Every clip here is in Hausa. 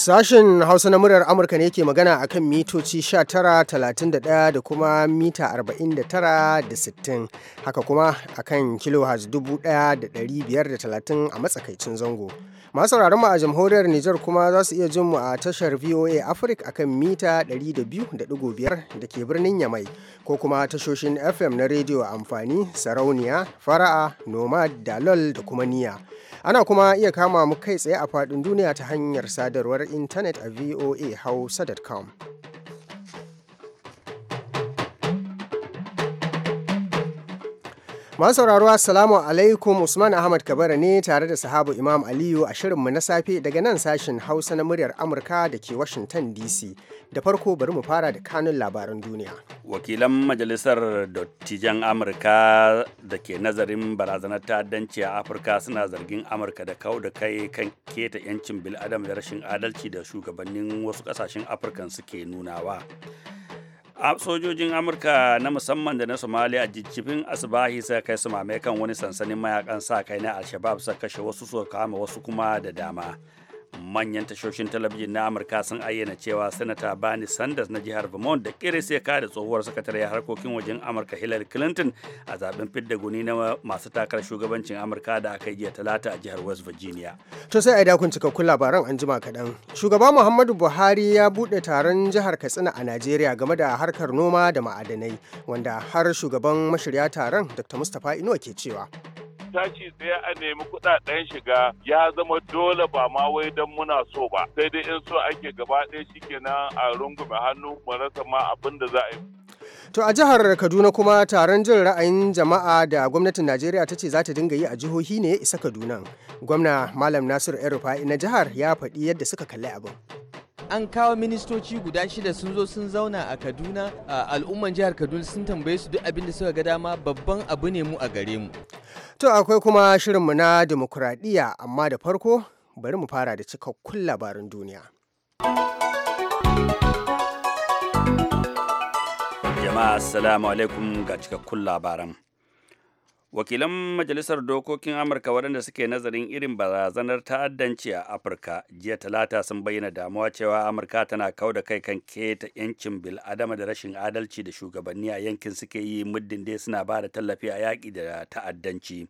Sashen Hausa na muryar Amurka ne ke magana a kan mitoci 19,31 da kuma mita 49.60 da Haka kuma a kan kilohaz 1,530 a matsakaicin zango. Masu mu a jamhuriyar Nijar kuma za su iya jin mu a tashar VOA Africa a kan mita 200.5 da ke birnin Yamai ko kuma tashoshin FM na rediyo amfani, sarauniya, fara'a, nomad, dalol da kuma niya. Ana kuma iya kama mu kai tsaye a faɗin duniya ta hanyar sadarwar intanet a voa hausa.com. Masu sauraro Assalamu alaikum Usman Ahmad Kabara ne tare da sahabu Imam Aliyu a shirinmu na safe daga nan sashen Hausa na muryar Amurka da ke Washington DC. Da farko bari mu fara da kanun labaran duniya. Wakilan Majalisar Dottijan Amurka da ke nazarin barazanar ta'addanci a Afirka suna zargin Amurka da kau da kai kan keta 'yancin bil'adam da rashin adalci da shugabannin wasu kasashen afirka suke nunawa. sojojin amurka na musamman da na somalia jijjifin asibahi suka kai su mamaye kan wani sansanin mayakan sa kai na al-shabab kashe wasu suka kama wasu kuma da dama manyan tashoshin talabijin na amurka sun ayyana cewa sanata bani sanders na jihar vermont da kiris ya kada tsohuwar sakatare harkokin wajen amurka hillary clinton a zaben fidda guni na masu takarar shugabancin amurka da aka yi talata a jihar west virginia to sai a dakun cikakkun labaran an jima kaɗan shugaba muhammadu buhari ya buɗe taron jihar katsina a najeriya game da harkar noma da ma'adanai wanda har shugaban mashirya taron dr mustapha inuwa ke cewa tashi sai a nemi kudaden shiga ya zama dole ba ma wai don muna so ba sai dai in so ake gaba ɗaya shikenan a rungume hannu mu rasa ma abin da za a yi. To a jihar Kaduna kuma taron jin ra'ayin jama'a da gwamnatin Najeriya ta ce za ta dinga yi a jihohi ne ya isa Kaduna. Gwamna Malam Nasiru Erufa na jihar ya faɗi yadda suka kalli abin. an kawo ministoci guda shida sun zo sun zauna a kaduna a al'umman jihar kaduna sun tambaye su duk abin da suka ga dama babban abu ne mu a gare mu to akwai kuma shirin mu na demokuraɗiyya amma da farko bari mu fara da cikakkun labarin duniya jama'a assalamu alaikum ga cikakkun labaran wakilan majalisar dokokin amurka waɗanda suke nazarin irin barazanar ta'addanci a afirka jiya talata sun bayyana damuwa cewa amurka tana kau da kai kan keta yancin adama da rashin adalci da shugabanni a yankin suke yi muddin dai suna ba da tallafi a yaƙi da ta'addanci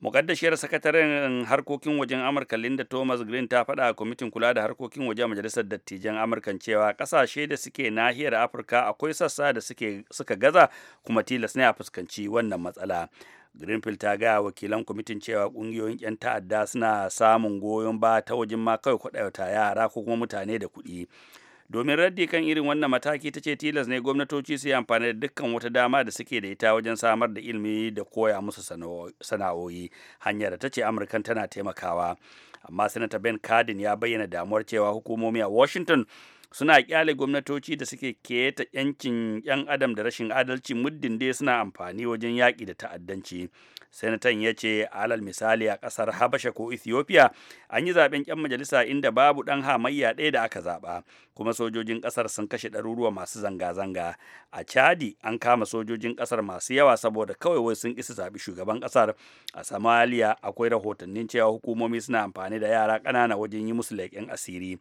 mukaddashiyar sakataren harkokin wajen amurka linda thomas green ta faɗa a kwamitin kula da harkokin waje majalisar dattijan amurkan cewa ƙasashe da suke nahiyar afirka akwai sassa da suke suka gaza kuma tilas ne a fuskanci wannan matsala greenfield ta gaya wakilan kwamitin cewa ƙungiyoyin 'yan ta'adda suna samun goyon ba ta wajen ma kawai kwaɗayata yara ko kuma mutane da kuɗi domin raddi kan irin wannan mataki ta ce tilas ne gwamnatoci su yi amfani da dukkan wata dama da suke da ita wajen samar da ilimi da koya musu sana'o'i hanyar da ta ce amurkan tana taimakawa amma sanata ben cardin ya bayyana damuwar cewa hukumomi a washington suna kyale gwamnatoci da suke keta yancin yan adam da rashin adalci muddin dai suna amfani wajen yaƙi da ta'addanci sanatan ya ce alal misali a ƙasar habasha ko ethiopia an yi zaɓen 'yan majalisa inda babu ɗan hamayya ɗaya da aka zaɓa kuma sojojin ƙasar sun kashe ɗaruruwa masu zanga-zanga a chadi an kama sojojin ƙasar masu yawa saboda kawai wai sun isa zaɓi shugaban ƙasar a somalia akwai rahotannin cewa hukumomi suna amfani da yara ƙanana wajen yi musu leƙen asiri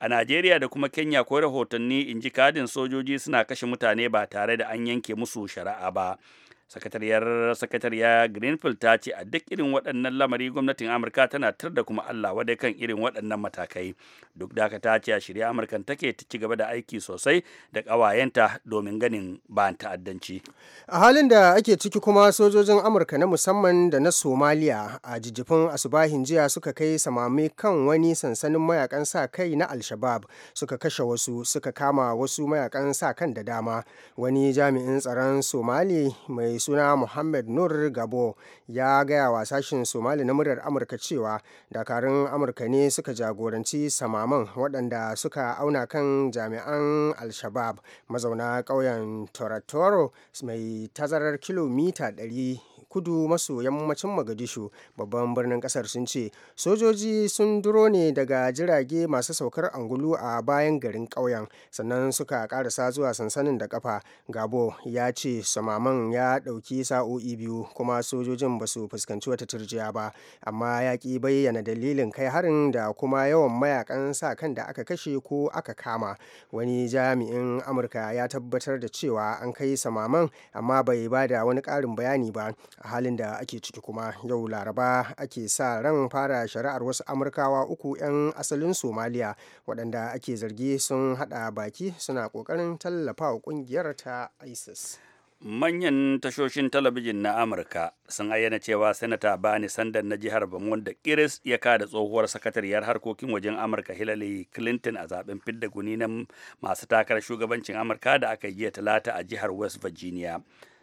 a najeriya da kuma kenya akwai rahotanni in ji kadin sojoji suna kashe mutane ba tare da an yanke musu shari'a ba sakatariyar sakatariya greenfield ta ce a duk irin waɗannan lamari gwamnatin amurka tana tar da kuma allah wadai kan irin waɗannan matakai duk da ta ce a shirya amurka take ta ci gaba da aiki sosai da ƙawayenta domin ganin ba ta'addanci a halin da ake ciki kuma sojojin amurka na musamman da na somaliya a jijjifin asubahin jiya suka kai samami kan wani sansanin mayakan sa kai na alshabab suka kashe wasu suka kama wasu mayakan sa kan da dama wani jami'in tsaron somali mai suna Muhammad Nur Gabo ya gaya wa sashin Somali na muryar Amurka cewa dakarun Amurka ne suka jagoranci samaman waɗanda suka auna kan jami'an al mazauna ƙauyen Toratoro mai tazarar kilomita 100 kudu maso yammacin Magadishu' babban birnin kasar sun ce sojoji sun duro ne daga jirage masu saukar angulu a bayan garin ƙauyen sannan suka karasa zuwa sansanin da kafa Gabo ya ce samaman ya ɗauki sa'o'i biyu kuma sojojin basu fuskanci wata turjiya ba amma ya ƙi bayyana dalilin kai harin da kuma yawan mayakan sa kan da aka kashe ko aka kama wani jami'in Amurka ya tabbatar da cewa an kai samaman amma bai bada wani ƙarin bayani ba a halin da ake ciki kuma yau laraba ake sa ran fara shari'ar wasu amurkawa uku 'yan asalin somaliya waɗanda ake zargi sun haɗa baki suna ƙoƙarin tallafa wa ƙungiyar ta isis manyan tashoshin talabijin na amurka sun ayyana cewa sanata bani sandan na jihar vermont da kiris ya kada tsohuwar sakatariyar harkokin wajen amurka hillary clinton a zaben fidda guni masu takarar shugabancin amurka da aka yi jiya talata a jihar west virginia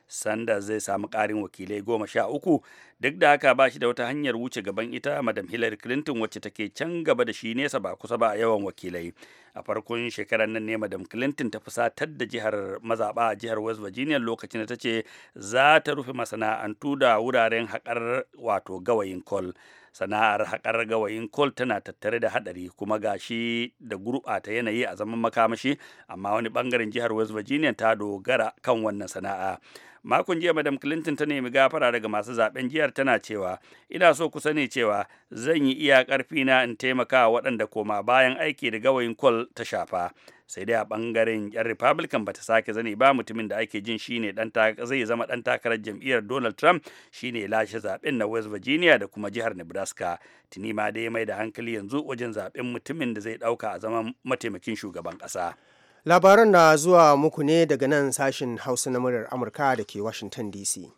sanders zai samu ƙarin wakilai goma sha uku duk da haka ba shi da wata hanyar wuce gaban ita madam hillary clinton wacce take can gaba da shi nesa ba kusa ba a yawan wakilai a farkon shekarar nan ne madam clinton ta fusatar da jihar mazaɓa a jihar west virginia lokacin da ta ce za ta rufe masana'antu da wuraren haƙar wato gawayin kol sana'ar haƙar gawayin kol tana tattare da haɗari kuma gashi da gurɓata yanayi a zaman makamashi amma wani ɓangaren jihar west virginia ta dogara kan wannan sana'a makon jiya madam clinton ta nemi gafara daga masu zaben jihar tana cewa ina so ku sani cewa zan yi iya karfi na in taimaka waɗanda koma bayan aiki da gawayin kwal ta shafa sai dai a bangaren yan republican bata sake zane ba mutumin da ake jin shine dan zai zama dan takarar jam'iyyar donald trump shine lashe zaben na west virginia da kuma jihar nebraska tuni ma dai mai da hankali yanzu wajen zaben mutumin da zai dauka a zaman mataimakin shugaban kasa labaran na zuwa muku ne daga nan sashin hausa na muryar amurka da ke washington dc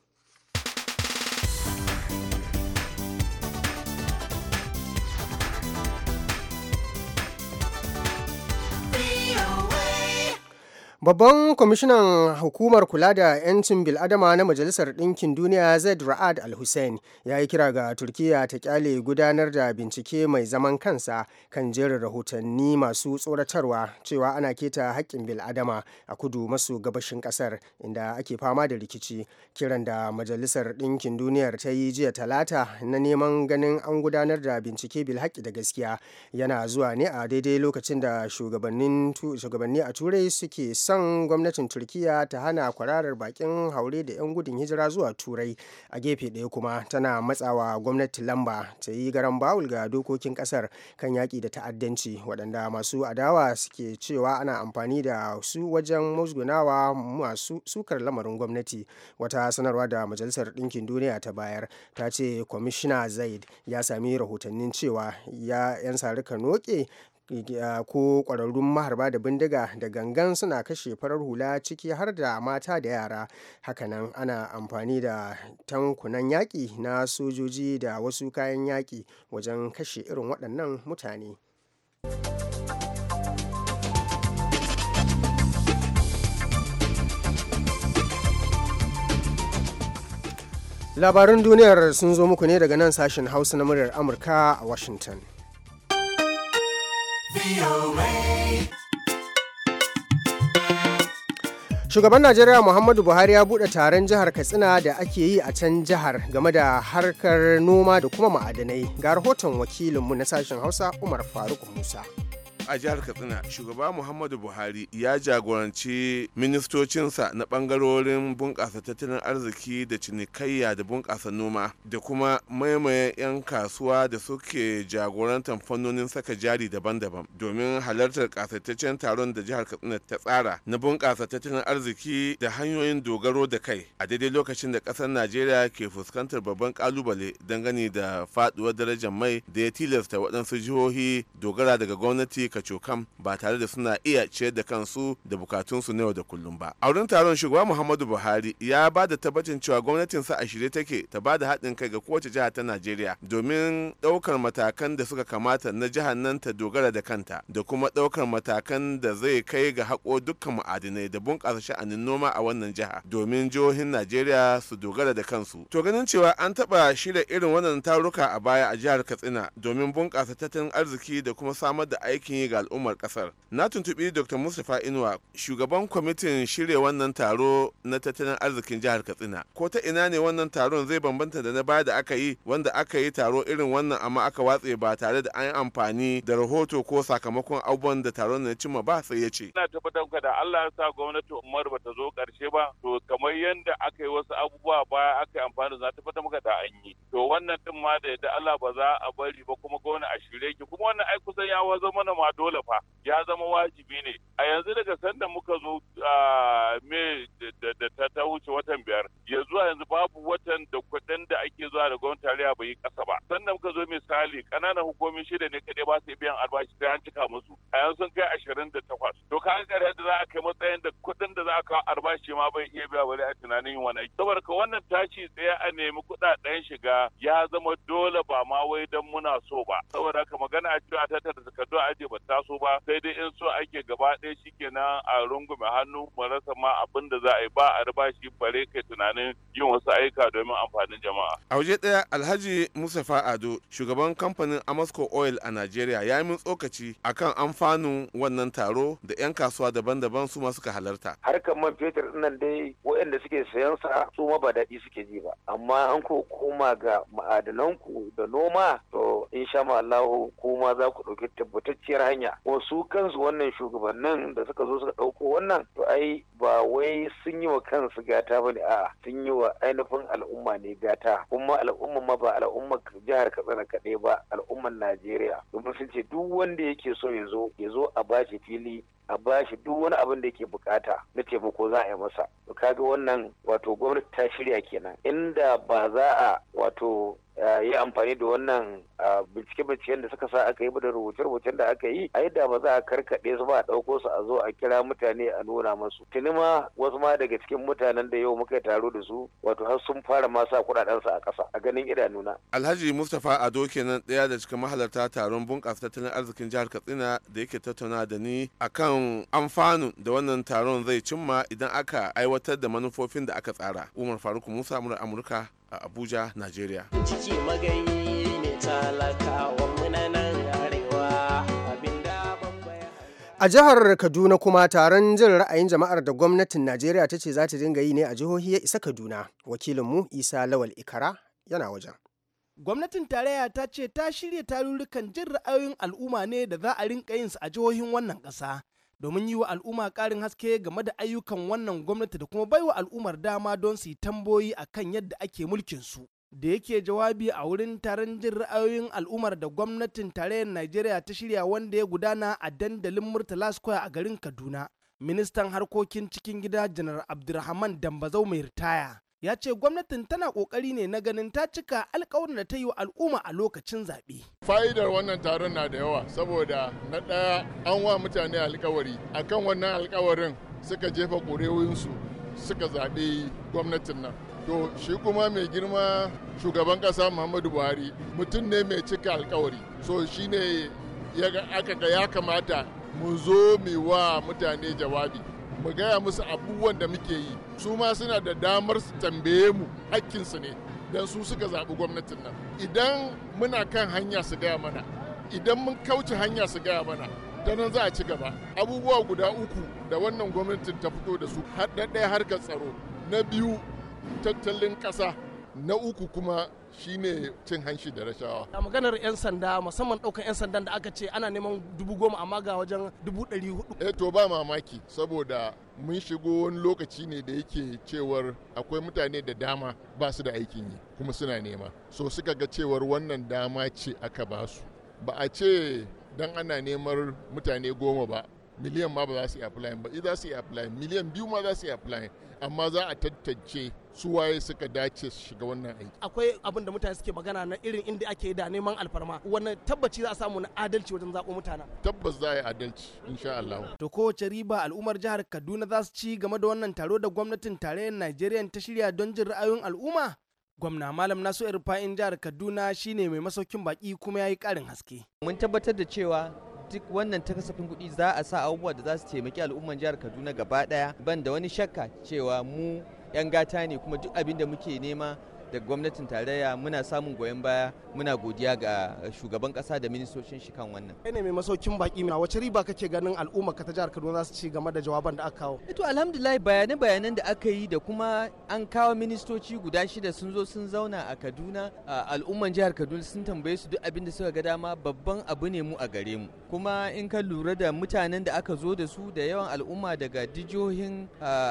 Babban kwamishinan hukumar kula da 'yancin bil'adama na Majalisar Ɗinkin Duniya Zaid Ra'ad Al-Hussein ya yi kira ga Turkiyya ta kyale gudanar da bincike mai zaman kansa kan jerin rahotanni masu tsoratarwa cewa ana keta haƙƙin bil'adama a kudu maso gabashin ƙasar inda ake fama da rikici. Kiran da Majalisar Ɗinkin Duniyar ta yi jiya talata na neman ganin an gudanar da bincike bilhaƙi da gaskiya yana zuwa ne a daidai lokacin da shugabanni a Turai suke son gwamnatin turkiya ta hana kwararar bakin haure da 'yan gudun hijira zuwa turai a gefe ɗaya kuma tana matsawa gwamnati lamba ta yi garan bawul ga dokokin kasar kan yaƙi da ta'addanci waɗanda masu adawa suke cewa ana amfani da su wajen musgunawa masu sukar lamarin gwamnati wata sanarwa da majalisar ɗinkin duniya ta bayar ta ce kwamishina zaid ya sami rahotannin cewa ya 'yan sarika noke Ah, ko kwararrun maharba da bindiga da gangan suna kashe farar hula ciki har da mata da yara hakanan ana amfani da tankunan yaƙi na sojoji da wasu kayan yaƙi wajen kashe irin waɗannan mutane. Labaran duniyar sun zo muku ne daga nan sashen Hausa na muryar Amurka a Washington. Shugaban Najeriya Muhammadu Buhari ya buɗe taron jihar Katsina da ake yi a can jihar game da harkar noma da kuma ma'adanai. Ga rahoton wakilinmu na sashen Hausa Umar Faruk Musa. a jihar katsina shugaba muhammadu buhari ya jagoranci ministocinsa na bangarorin bunƙasa tattalin arziki da cinikayya da bunƙasa noma da kuma maimaye 'yan kasuwa da suke jagorantar fannonin saka jari daban-daban domin halartar ƙasaitaccen taron da jihar katsina ta tsara na bunƙasa tattalin arziki da hanyoyin dogaro da kai a daidai lokacin da ƙasar najeriya ke fuskantar babban ƙalubale dangane da faɗuwar darajar mai da ya tilasta waɗansu jihohi dogara daga gwamnati ka cokam ba tare da suna iya ciyar da kansu da bukatunsu na yau da kullum ba a wurin taron shugaba muhammadu buhari ya ba da tabbacin cewa gwamnatinsa a shirye take ta ba da haɗin kai ga kowace jiha ta najeriya domin ɗaukar matakan da suka kamata na jihar nan ta dogara da kanta da kuma ɗaukar matakan da zai kai ga haƙo dukkan ma'adinai da bunƙasa sha'anin noma a wannan jiha domin jihohin najeriya su dogara da kansu to ganin cewa an taɓa shirya irin wannan taruka a baya a jihar katsina domin bunƙasa tattalin arziki da kuma samar da aikin yi ga al'ummar kasar na tuntubi dr mustapha inuwa shugaban kwamitin shirya wannan taro na tattalin arzikin jihar katsina ko ta ina ne wannan taron zai bambanta da na baya da aka yi wanda aka yi taro irin wannan amma aka watse ba tare da an yi amfani da rahoto ko sakamakon abubuwan da taron na cimma ba sai ya ce ina tabbatar ka da Allah ya sa gwamnati Umar ba ta zo karshe ba to kamar yadda aka yi wasu abubuwa baya aka yi amfani da tabbatar maka da an yi to wannan din ma da yadda Allah ba za a bari ba kuma gwamnati a shirye ki kuma wannan ai kusan ya wazo mana ma dole fa ya zama wajibi ne a yanzu daga sanda muka zo a me da ta wuce watan biyar ya zuwa yanzu babu watan da kuɗin da ake zuwa da gwamnati tarayya bai yi ƙasa ba sanda muka zo misali ƙananan hukumomi shida ne kadai ba su biyan albashi sai an cika musu a yanzu sun kai ashirin da takwas to ka an ƙarya da za a kai matsayin da kuɗin da za a kawo albashi ma bai iya biya bari a tunanin yin wani aiki saboda ka wannan tashi tsaye a nemi kudaden shiga ya zama dole ba ma wai don muna so ba saboda ka magana a cewa tattara takardu a ajiye ba taso ba sai dai in so ake gaba ɗaya nan a rungume hannu mu rasa ma abin da za a yi ba a shi bare kai tunanin yin wasu ayyuka domin amfanin jama'a. A waje ɗaya Alhaji Mustapha Ado shugaban kamfanin Amasco Oil a Najeriya ya yi min tsokaci kan amfanin wannan taro da 'yan kasuwa daban-daban su ma suka halarta. Harkar man fetur nan dai waɗanda suke sayan sa su ma ba daɗi suke ji ba amma an ko koma ga ma'adananku da noma to insha Allah kuma za ku ɗauki tabbatacciyar hanya wasu kansu wannan shugabannin da suka zo suka ɗauko wannan to ai ba wai sun yi wa kansu gata ba ne a sun yi wa ainihin al'umma ne gata kuma al'umma ma ba al'umma jihar katsina kaɗai ba al'umman najeriya domin sun ce duk wanda yake so ya zo ya zo a bashi fili a bashi duk wani abin da yake bukata na taimako za a yi masa kaga wannan wato gwamnati ta shirya kenan inda ba za a wato yi amfani da wannan bincike-binciken da suka sa aka yi da rubuce-rubucen da aka yi a da ba za a karkaɗe su ba a ɗauko su a zo a kira mutane a nuna masu tuni ma wasu ma daga cikin mutanen da yau muka taro da su wato har sun fara ma sa kuɗaɗen su a ƙasa a ganin idanuna alhaji mustapha ado kenan ɗaya da cikin mahalarta taron bunƙasa tattalin arzikin jihar katsina da yake tattauna da ni a kan amfanu da wannan taron zai cimma idan aka aiwatar da manufofin da aka tsara umar faruk musa murar amurka a abuja nigeria a jihar kaduna kuma taron jin ra'ayin jama'ar da gwamnatin najeriya ta ce za ta dinga yi ne a jihohi ya isa kaduna wakilinmu isa lawal ikara yana wajen gwamnatin tarayya ta ce ta shirya tarurrukan jin ra'ayoyin al'umma ne da za a rinka yinsu a jihohin wannan ƙasa domin yi wa al'umma ƙarin haske game da ayyukan wannan gwamnati da kuma baiwa al'ummar dama don su yi tamboyi a kan yadda ake mulkin su. da yake jawabi a wurin taron jin ra'ayoyin al'ummar da gwamnatin tarayyar Najeriya ta shirya wanda ya gudana a dandalin Murtala Square a garin Kaduna. Ministan harkokin cikin gida Janar Abdulrahman Dambazau mai ritaya ya ce gwamnatin tana kokari ne na ganin ta cika alkawarin da ta yi wa al'umma a lokacin zaɓe. fa'idar wannan taron na da yawa saboda na ɗaya an wa mutane alkawari akan wannan alkawarin suka jefa ƙurewoyinsu suka zaɓe gwamnatin nan to shi kuma mai girma shugaban ƙasa muhammadu buhari mutum ne mai cika alkawari so shi shine ya kamata mu zo mu wa mutane jawabi mu gaya musu abubuwan da muke yi su ma suna da damar su tambaye mu hakkinsu ne don su suka zaɓi gwamnatin nan idan muna kan hanya su gaya mana idan mun kauce hanya su gaya mana ta nan za a ci gaba abubuwa guda uku da wannan gwamnatin ta fito da su har harkar tsaro na biyu tattalin ƙasa na uku kuma shine cin hanshi da rashawa a maganar 'yan sanda musamman ɗaukar 'yan sandan da aka ce ana neman dubu goma amma ga wajen dubu ɗari hudu eh to ba mamaki saboda mun shigo wani lokaci ne da yake cewar akwai mutane da dama ba su da aikin yi kuma suna nema so suka ga cewar wannan dama ce aka ba su ba a ce dan ana neman mutane goma ba miliyan ma ba za su yi apply ba eh, za su yi apply miliyan biyu ma za su yi apply amma za a tattace su waye suka dace su shiga wannan aiki akwai abin da mutane suke magana na irin inda ake da neman alfarma wannan tabbaci za a samu na adalci wajen zaɓo mutana. tabbas za a yi adalci insha Allah to kowace riba al'ummar jihar Kaduna za su ci game da wannan taro da gwamnatin tarayyar Najeriya ta shirya don jin ra'ayoyin al'umma gwamna malam nasu irfa'in jihar kaduna shine mai masaukin baki kuma ya yi karin haske mun tabbatar da cewa duk wannan ta kasafin kuɗi za a sa abubuwa da za su taimaki al'umman jihar Kaduna gaba ɗaya ban da wani shakka cewa mu 'yan gata ne kuma duk abin da muke nema da gwamnatin tarayya muna samun goyon baya muna godiya ga shugaban kasa da ministocin shi kan wannan kai ne mai masaukin baki mina wace riba kake ganin al'umma ka ta jihar Kaduna za su ci game da jawaban da aka kawo eh to alhamdulillah bayanan bayanan da aka yi da kuma an kawo ministoci guda shida sun zo sun zauna a Kaduna al'umman jihar Kaduna sun tambaye su duk abin da suka ga dama babban abu ne mu a gare mu kuma in ka lura da mutanen da aka zo da su da yawan al'umma daga dijohin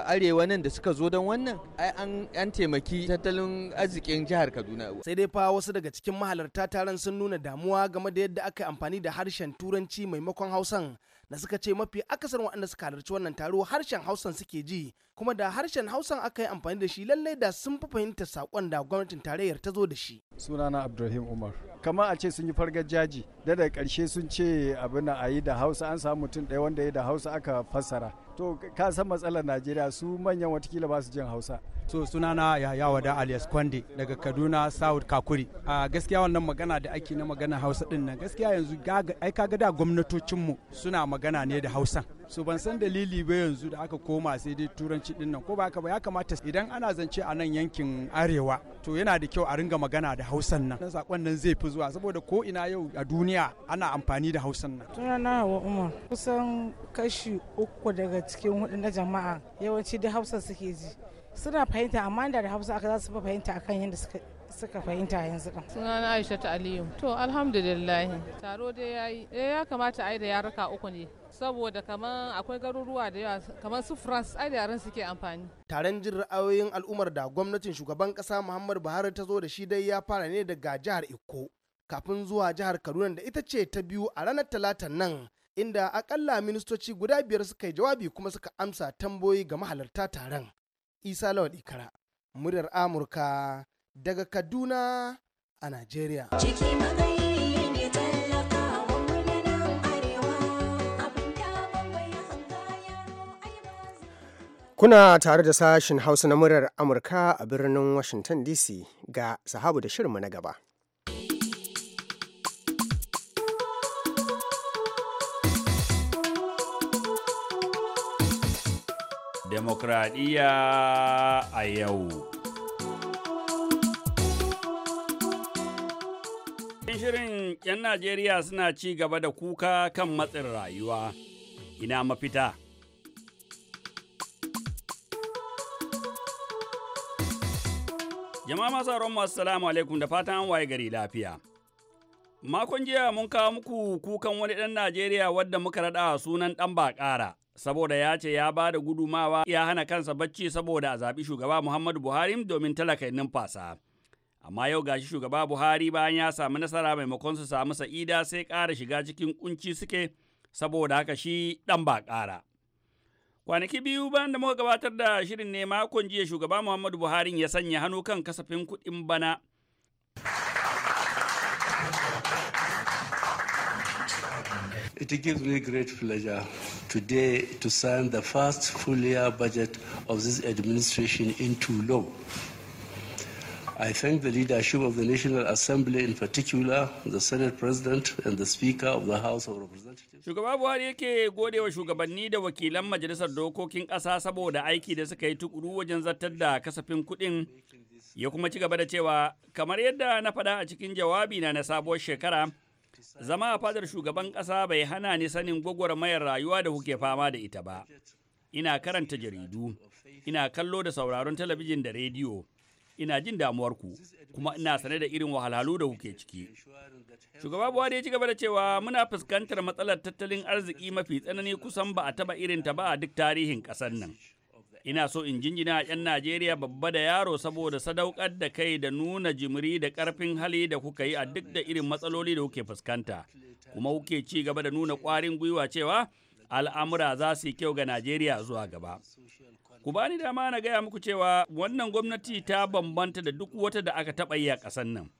arewa nan da suka zo don wannan ai an taimaki tattalin arzikin jihar Kaduna. Sai dai fa wasu daga cikin mahalarta taron sun nuna damuwa game da yadda aka amfani da harshen Turanci maimakon Hausan da suka ce mafi akasar waɗanda suka halarci wannan taro harshen Hausan suke ji kuma da harshen Hausan aka yi amfani da shi lallai da sun fi fahimta sakon da gwamnatin tarayyar ta zo da shi. Sunana Abdulrahim Umar. Kamar a ce sun yi fargar jaji da da karshe sun ce abin a yi da Hausa an samu mutum ɗaya wanda ya da Hausa aka fassara. To ka san matsalar Najeriya su manyan watakila ba su jin Hausa. so sunana yahaya da alias kwande daga kaduna south kakuri a gaskiya wannan magana da ake na magana hausa din nan gaskiya yanzu ai kaga da gwamnatocinmu suna magana ne da hausa so ban san dalili ba yanzu da aka koma sai dai turanci din nan ko ba haka ba ya kamata idan ana zance a nan yankin arewa to yana da kyau a ringa magana da hausan nan nan sakon nan zai fi zuwa saboda ko ina yau a duniya ana amfani da hausan nan tunana wa umar kusan kashi uku daga cikin hudu na jama'a yawanci da hausa suke ji suna fahimta amma da hausa aka za su fahimta akan yadda suka fahimta yanzu din suna na aisha ta aliyu to alhamdulillah taro dai yayi eh, ya kamata a yi da yaruka uku ne saboda kamar akwai garuruwa da yawa kamar su france ai da yaran suke amfani taron jin ra'ayoyin al'ummar da gwamnatin shugaban kasa muhammadu buhari ta zo da shi dai ya fara ne daga jihar ikko kafin zuwa jihar kaduna da ita ce ta biyu a ranar talata nan inda akalla ministoci guda biyar suka yi jawabi kuma suka amsa tambayoyi ga mahalarta taron Isa Lawal Ikara, muryar Amurka daga Kaduna a Najeriya. Kuna tare da sashin Hausa na muryar Amurka a birnin Washington DC ga sahabu da shirinmu na gaba. demokradiyya a yau. Shirin 'yan Najeriya suna ci gaba da kuka kan matsin rayuwa, ina mafita. Jama'a masu aron masu salamu alaikum da fatan an waye gari lafiya. Makon jiya mun kawo muku kukan wani ɗan Najeriya wadda muka raɗa sunan ɗan ba ƙara. saboda ya ce ya ba da gudumawa ya hana kansa bacci saboda a zaɓi shugaba Muhammadu Buhari domin talakai numfasa. Amma yau gashi shugaba Buhari bayan ya samu nasara maimakon su samu sa'ida sai ƙara shiga cikin kunci suke saboda haka shi ɗan ba ƙara. Kwanaki biyu bayan da muka gabatar da shirin ne makon jiya shugaba Muhammadu Buhari ya sanya hannu kan kasafin kuɗin bana. It gives me great pleasure today to sign the first full year budget of this administration into law. I thank the leadership of the National Assembly in particular, the Senate President and the Speaker of the House of Representatives. Shugaba Buhari yake godewa shugabanni da wakilan Majalisar Dokokin Ƙasa saboda aiki da suka yi tukuru wajen zartar da kasafin kuɗin ya kuma ci gaba da cewa kamar yadda na faɗa a cikin jawabi na na sabuwar shekara Zama a fadar shugaban ƙasa bai hana ni sanin mayar rayuwa da kuke fama da ita ba. Ina karanta jaridu, ina kallo da sauraron talabijin da rediyo, ina jin damuwar ku. kuma ina sane da irin wahalhalu da kuke ciki. Shugaba Buhari ya ci gaba da cewa muna fuskantar matsalar tattalin arziki mafi tsanani kusan ba a taba irin ta ba a duk tarihin ƙasar nan. Ina so in jinjina a 'yan Najeriya babba da yaro saboda sadaukar da kai da nuna jimiri da karfin hali da kuka yi a duk da irin matsaloli da kuke fuskanta. Kuma kuke ci gaba da nuna kwarin gwiwa cewa al'amura za su yi kyau ga Najeriya zuwa gaba. Ku bani dama na gaya muku cewa wannan gwamnati ta bambanta da duk wata da aka taɓa yi a ƙasar nan.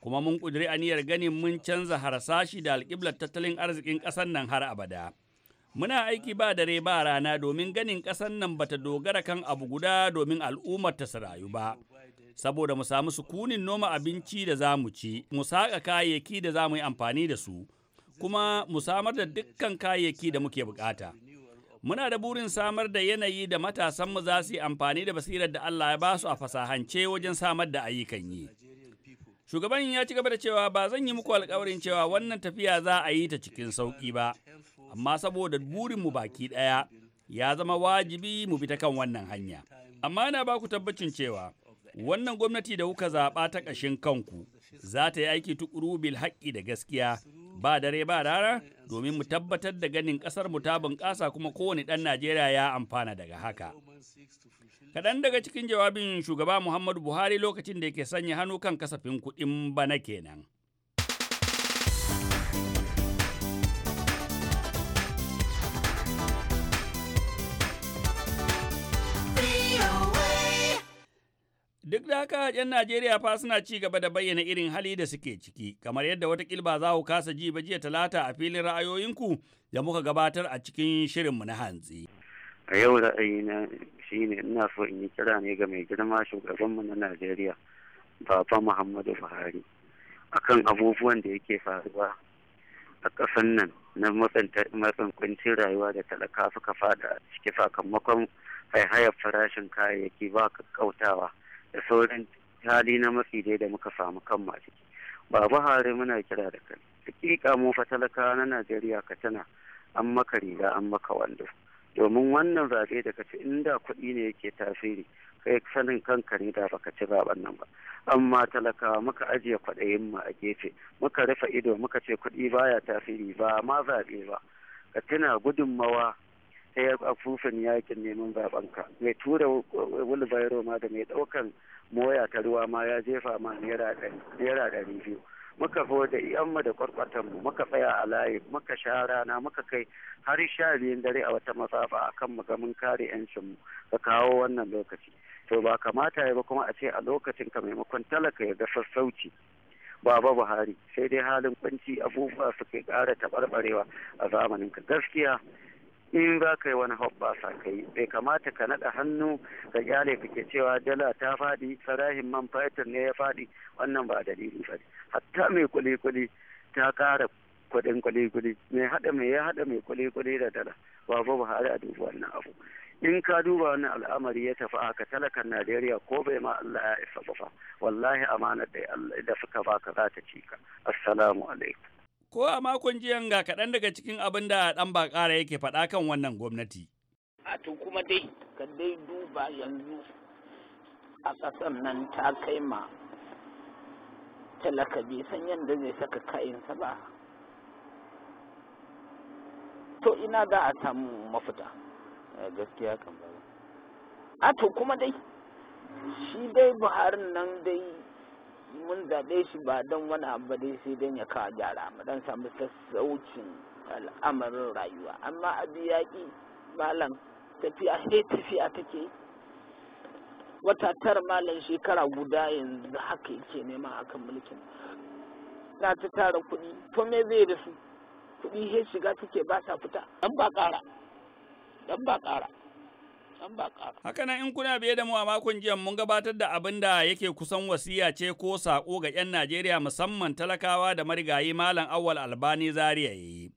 Kuma mun ƙudiri aniyar ganin mun canza harsashi da alƙiblar tattalin arzikin ƙasar nan har abada. Muna aiki ba dare ba rana domin ganin ƙasar nan bata dogara kan abu guda domin al'ummar ta rayu ba. Saboda mu samu sukunin noma abinci da za mu ci, mu saƙa kayayyaki da za mu yi amfani da su, kuma mu samar da dukkan kayayyaki da muke bukata. Muna da burin samar da yanayi da matasanmu za su yi amfani da basirar da Allah ya ba su a fasahance wajen samar da ayyukan yi. Shugaban ya ci gaba da cewa ba zan yi muku alkawarin cewa wannan tafiya za a yi ta cikin sauƙi ba, amma saboda burin mu baki ɗaya ya zama wajibi mu bi ta kan wannan hanya. Amma na ba ku tabbacin cewa wannan gwamnati da kuka zaɓa ta ƙashin kanku za ta yi aiki tukuru bil haƙƙi da gaskiya ba dare ba rara domin mu tabbatar da ganin ƙasar mu ta bunƙasa kuma kowane ɗan Najeriya ya amfana daga haka. Kaɗan daga cikin jawabin shugaba Muhammadu Buhari lokacin da yake sanya hannu kan kasafin kuɗin bana kenan. Duk da haka ‘yan Najeriya fa suna ci gaba da bayyana irin hali da suke ciki, kamar yadda wata ba za ku kasa ji ba jiya talata a filin ra'ayoyinku da muka gabatar a cikin shirinmu na hantsi. A yau na. shine ina so in yi kira ne ga mai girma shugabanmu na najeriya baba muhammadu buhari akan abubuwan da yake faruwa a ƙasan nan na matsan kwanci rayuwa da talaka suka fada ciki sakamakon haihayar farashin kayayyaki ba ka ƙautawa, da sauran hali na matsi dai da muka samu kan a ciki ba buhari muna kira da kai hakika mu fa talaka na najeriya ka tana an maka riga an maka wando domin wannan zaɓe da ka ci inda kuɗi ne yake tasiri kai sanin kanka ne da baka ci zaɓen nan ba amma talakawa muka ajiye kwaɗayin mu a gefe muka rufe ido muka ce kuɗi baya tasiri ba ma zaɓe ba ka tuna gudunmawa ta yi afufin yakin neman zaɓen ka mai tura wulbairo ma da mai ɗaukan moya ta ruwa ma ya jefa ma naira ɗari biyu muka ho da iyanmu da mu muka tsaya a layi muka sha rana muka kai har sha biyun dare a wata matsafa a kan mu kare mun kare yancinmu ka kawo wannan lokaci to ba kamata ya ba kuma a ce a lokacin ka maimakon talaka ya ga sassauci baba buhari sai dai halin kwanci abubuwa suke ƙara taɓarɓarewa a zamanin ka gaskiya in za ka yi wani hoɓɓasa ka yi bai kamata ka naɗa hannu ka kyale kake cewa dala ta faɗi sarahin man fetur ne ya faɗi wannan ba dalili ba hatta mai kwale-kwale ta kara kuɗin kwale-kwale mai haɗa mai ya haɗa mai kwale-kwale da dala babu buhari a duba wannan abu in ka duba wannan al'amari ya tafi aka talakan najeriya ko bai ma allah ya isa ba wallahi amanar da da suka baka za ta ci ka assalamu alaikum ko a makon jiyan ga kaɗan daga cikin abin da ɗan ba ƙara yake faɗa kan wannan gwamnati a tun kuma dai ka dai duba yanzu a ƙasar nan ta kai ma talaka bai san yadda zai saka kayansa ba to ina za a samu mafita eh, gaskiya kan ba a to kuma dai shi dai buharin nan dai mun zaɓe shi ba don wani abu dai sai don ya kawo gyara mu don samu sassaucin al'amarin rayuwa amma abu yaƙi malam tafiya sai eh, tafiya take yi wata tara malam shekara guda yanzu haka yake nema kan mulkin na ta tara kuɗi to me zai da su kuɗi he shiga take ba sa fita dan ba ƙara dan ba ƙara dan ba ƙara haka nan in kuna biye da mu a makon jiya mun gabatar da abin da yake kusan wasiya ce ko sako ga 'yan Najeriya musamman talakawa da marigayi malam Awwal Albani zariya yayi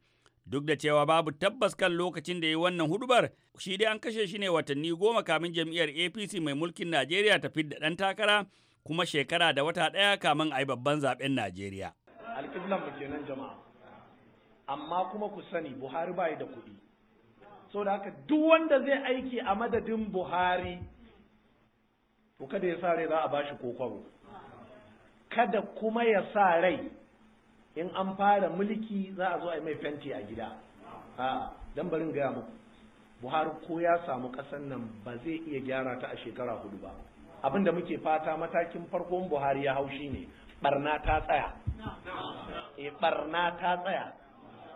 Duk da cewa babu tabbas kan lokacin da ya yi wannan hudubar, shi dai an kashe shi ne watanni goma kamin jam'iyyar APC mai mulkin Najeriya ta fidda ɗan takara kuma shekara da wata ɗaya kamin a yi babban zaben Najeriya. Alƙiblan mu kenan jama'a. Amma kuma ku sani Buhari bai da kuɗi. da haka duk wanda zai aiki a madadin Buhari to kada ya sa rai za a bashi ko Kada kuma ya sa rai in an fara mulki za a zo a yi mai fenti a gida a dan barin gaya muku buhari ko ya samu ƙasan nan ba zai iya gyara ta a shekara hudu ba abin da muke fata matakin farkon buhari ya haushi ne barna ta tsaya e eh, barna ta tsaya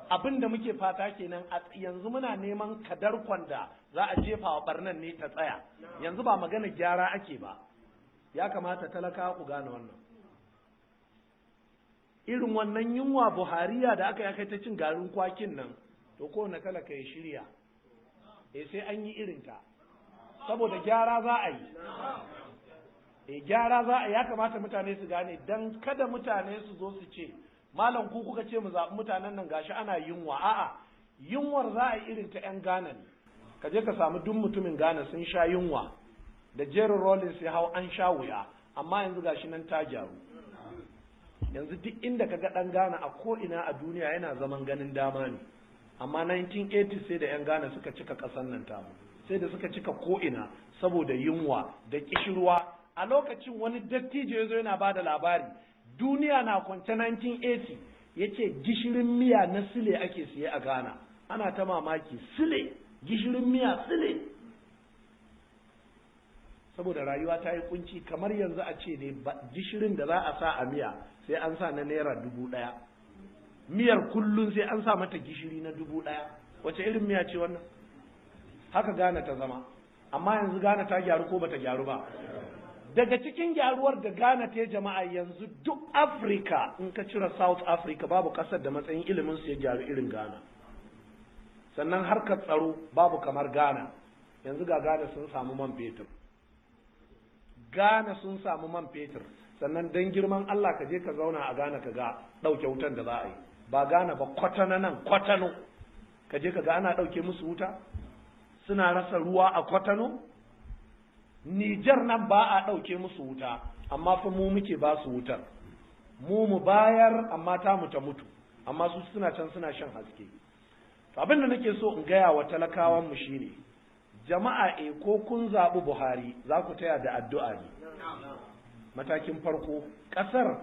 abin da muke fata kenan yanzu muna neman kadarkon da za a jefa wa barnan ne ta tsaya yanzu ba magana gyara ake ba ya kamata talaka ku gane wannan irin wannan yunwa buhariya da aka yi kai ta cin garin kwakin nan to kowane talaka ya shirya e sai an yi irinta saboda gyara za a yi e gyara za a ya kamata mutane su gane dan kada mutane su zo su ce malam ku kuka ce mu zaɓi mutanen nan gashi ana yunwa a'a yunwar za a yi irin ta 'yan Gana ne ka je ka samu duk mutumin Ghana sun sha yunwa da jerin Rollins ya hau an sha wuya amma yanzu gashi nan ta gyaru yanzu duk inda ka ga ɗan Ghana a ko'ina a duniya yana zaman ganin dama ne amma 1980 sai da 'yan Ghana suka cika ƙasar nan tamu sai da suka cika ko'ina saboda yunwa da kishirwa a lokacin wani dattijo ya zo yana ba da labari duniya na kwance 1980 ya ce gishirin miya na sile ake siye a Ghana ana ta mamaki sile gishirin miya sile saboda rayuwa ta yi kunci kamar yanzu a ce ne gishirin da za a sa a miya sai an sa na naira dubu ɗaya miyar kullum sai an sa mata gishiri na dubu ɗaya wace irin miya ce wannan haka gane ta zama amma yanzu gane ta gyaru ko bata gyaru ba daga cikin gyaruwar da gane ta jama'a yanzu duk afirka in ka cire south africa babu ƙasar da matsayin ilimin su ya gyaru irin Gana. sannan harkar tsaro babu kamar Gana. yanzu ga gane sun samu man fetur gane sun samu man fetur sannan dan girman Allah ka je ka zauna a gane ka ga ɗauke wutan da za a yi ba gane ba kwatana nan kwatano ka je ka ga ana ɗauke musu wuta suna rasa ruwa a kwatano Nijar nan ba a ɗauke musu wuta amma fa mu muke ba su wutar mu mu bayar amma ta mu ta mutu amma su suna can suna shan haske abin da nake so in gaya wa talakawan mu shine jama'a e ko kun zaɓi Buhari za ku taya da addu'a ne matakin farko ƙasar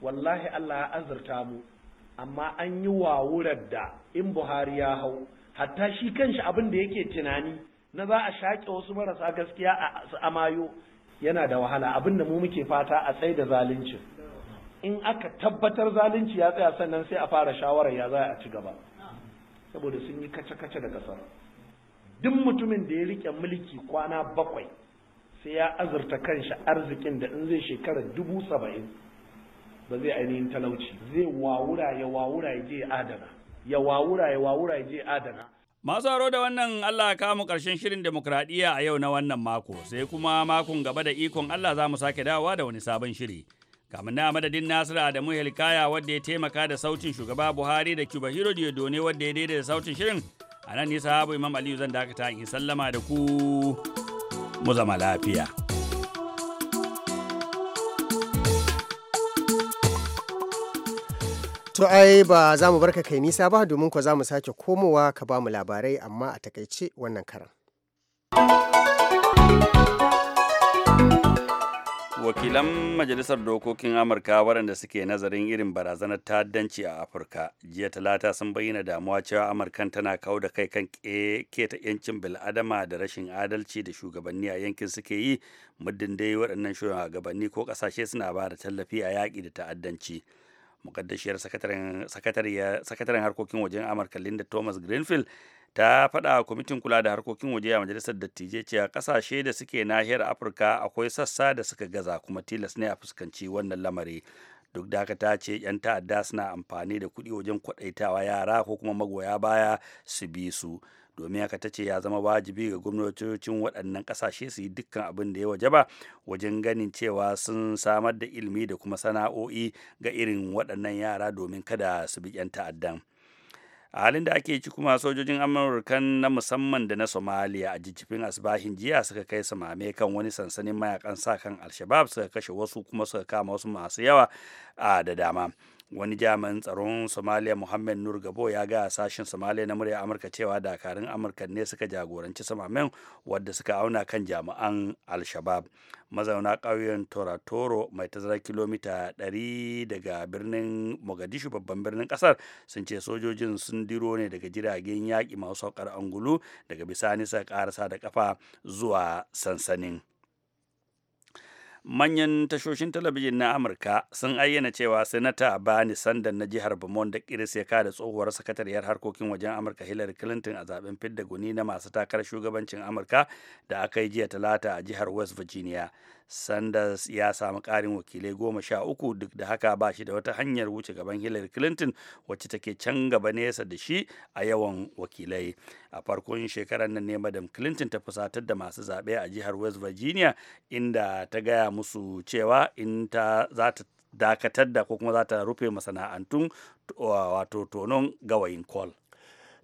wallahi Allah ya azurta mu amma an yi wawurar da in Buhari ya hau hatta shi kanshi abin da yake tunani na za a shaƙe wasu marasa gaskiya a amayo yana da wahala abin da mu muke fata a tsaye da zalunci in aka tabbatar zalunci ya tsaya sannan sai a fara shawarar ya za a ci gaba saboda sun yi kace-kace da ƙasar duk mutumin da ya riƙe mulki kwana bakwai sai ya azurta kanshi arzikin da in zai shekara dubu saba'in ba zai ainihin talauci zai wawura ya wawura ya je adana ya wawura ya wawura ya je adana Masu haro da wannan Allah ka mu ƙarshen shirin demokradiyya a yau na wannan mako, sai kuma makon gaba da ikon Allah za mu sake dawowa da wani sabon shiri. Kamar na madadin Nasiru Adamu Hilkaya wadda ya taimaka da sautin shugaba Buhari da Cuba Hiro Diodone wadda ya da sautin shirin, a nan nisa Imam Aliyu zan dakata in sallama da ku mu zama lafiya. To ai ba za mu barka kai nisa ba domin ko za mu sake komowa ka ba mu labarai amma a takaice wannan karan. wakilan majalisar dokokin amurka waɗanda suke nazarin irin barazanar ta'addanci a afirka jiya talata sun bayyana damuwa cewa amurkan tana kawo da kai kan keta yancin bil'adama da rashin adalci da shugabanni a yankin suke yi muddin dai waɗannan shugabanni ko ƙasashe suna ba da tallafi a yaƙi da ta'addanci mukaddashiyar sakataren harkokin wajen amurka linda thomas greenfield ta faɗa a kwamitin kula da harkokin waje a majalisar dattijai cewa ƙasashe da suke nahiyar afirka akwai sassa da suka gaza kuma tilas ne a fuskanci wannan lamari duk da haka ta ce 'yan ta'adda suna amfani da kuɗi wajen kwaɗaitawa yara ko kuma magoya baya su bi su domin haka ta ce ya zama wajibi ga gwamnatocin waɗannan ƙasashe su yi dukkan abin da ya waje ba wajen ganin cewa sun samar da ilimi da kuma sana'o'i ga irin waɗannan yara domin kada su bi 'yan ta'addan. a halin da ake ci kuma sojojin amurka na musamman da na somaliya a jijjifin asbahin jiya suka kai samame kan wani sansanin mayakan sa kan al suka kashe wasu kuma suka kama wasu masu yawa a da dama wani jami'in tsaron somalia muhammad nur gabo ya ga sashen somalia na murya amurka cewa dakarun amurka ne suka jagoranci samamen wadda suka auna kan jami'an al-shabab mazauna ƙauyen toratoro mai tazarar kilomita 100 daga birnin mogadishu babban birnin kasar sun ce sojojin sun diro ne daga jiragen yaƙi masu saukar angulu daga bisani suka ƙarasa da ƙafa zuwa sansanin manyan tashoshin talabijin na amurka sun ayyana cewa sanata bani sandan na jihar vermont da kiris ya kada tsohuwar sakatariyar harkokin wajen amurka hillary clinton a zaben fidda guni na masu takarar shugabancin amurka da aka yi jiya talata a jihar west virginia sanders ya samu ƙarin wakilai goma sha uku duk da haka ba shi da wata hanyar wuce gaban hillary clinton wacce take can gaba nesa da shi a yawan wakilai a farkon shekarar nan ne madam clinton ta fusatar da masu zaɓe a jihar west virginia inda ta gaya musu cewa in ta za ta dakatar da ko kuma za ta rufe masana'antun wato tonon gawayin kol.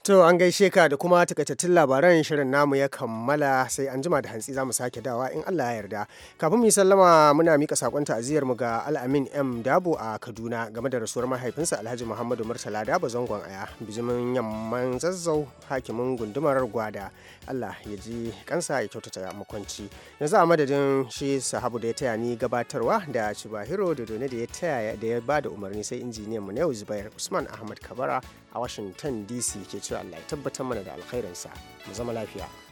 To an gaishe ka da kuma takaitattun labaran shirin namu ya kammala sai an jima da hantsi za mu sake dawa in Allah ya yarda. Kafin mu yi sallama muna mika sakon ta'aziyar mu ga Al-Amin M Dabo a Kaduna game da rasuwar mahaifinsa Alhaji Muhammadu Murtala Dabo zangon aya bijimin yamman zazzau hakimin gundumar Gwada. Allah ya ji kansa ya kyautata makwanci. Yanzu a madadin shi sahabu da ya taya ni gabatarwa da Chibahiro da Done da ya taya da ya ba da umarni sai injiniyan mu na yau Zubair Usman Ahmad Kabara a washington dc ke cewa allah ya tabbatar mana da alkhairinsa mu zama lafiya